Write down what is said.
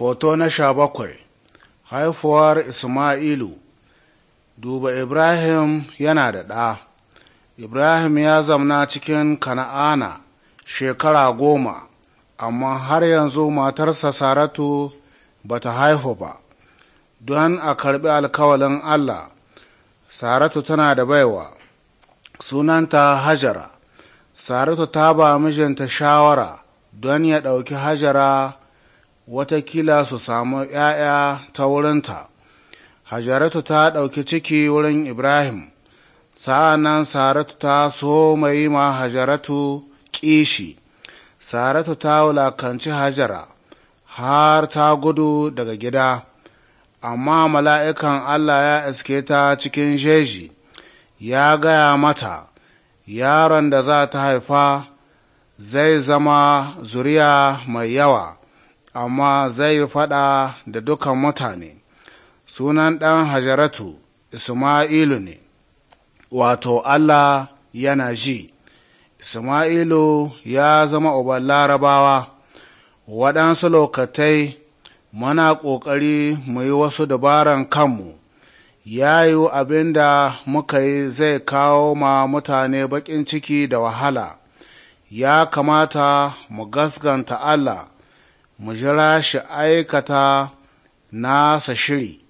Foto na sha bakwai Haifuwar Isma'ilu Duba Ibrahim yana da ɗa. Ibrahim ya zamna cikin Kana'ana shekara goma, amma har yanzu matarsa Saratu ba ta haihu ba, don a karɓi alkawalin Allah, Saratu tana da baiwa, sunanta Hajara. Saratu ta ba mijinta shawara don ya ɗauki Hajara watakila su samu ‘ya'ya ta wurinta. Hajaratu ta ɗauki ciki wurin Ibrahim, sa'an Saratu ta so mai ma Hajaratu ƙishi, Saratu ta wulakanci Hajara har ta gudu daga gida, amma mala'ikan Allah ya iske ta cikin jeji, ya gaya mata, yaron da za ta haifa zai zama zuriya mai yawa. amma zai faɗa da dukan mutane sunan ɗan hajaratu isma'ilu ne wato allah yana ji isma'ilu ya zama uban larabawa waɗansu lokatai muna ƙoƙari mu yi wasu dabaran kanmu ya yi abin da muka yi zai kawo ma mutane baƙin ciki da wahala ya kamata mu gasganta allah mu jira shi aikata nasa shiri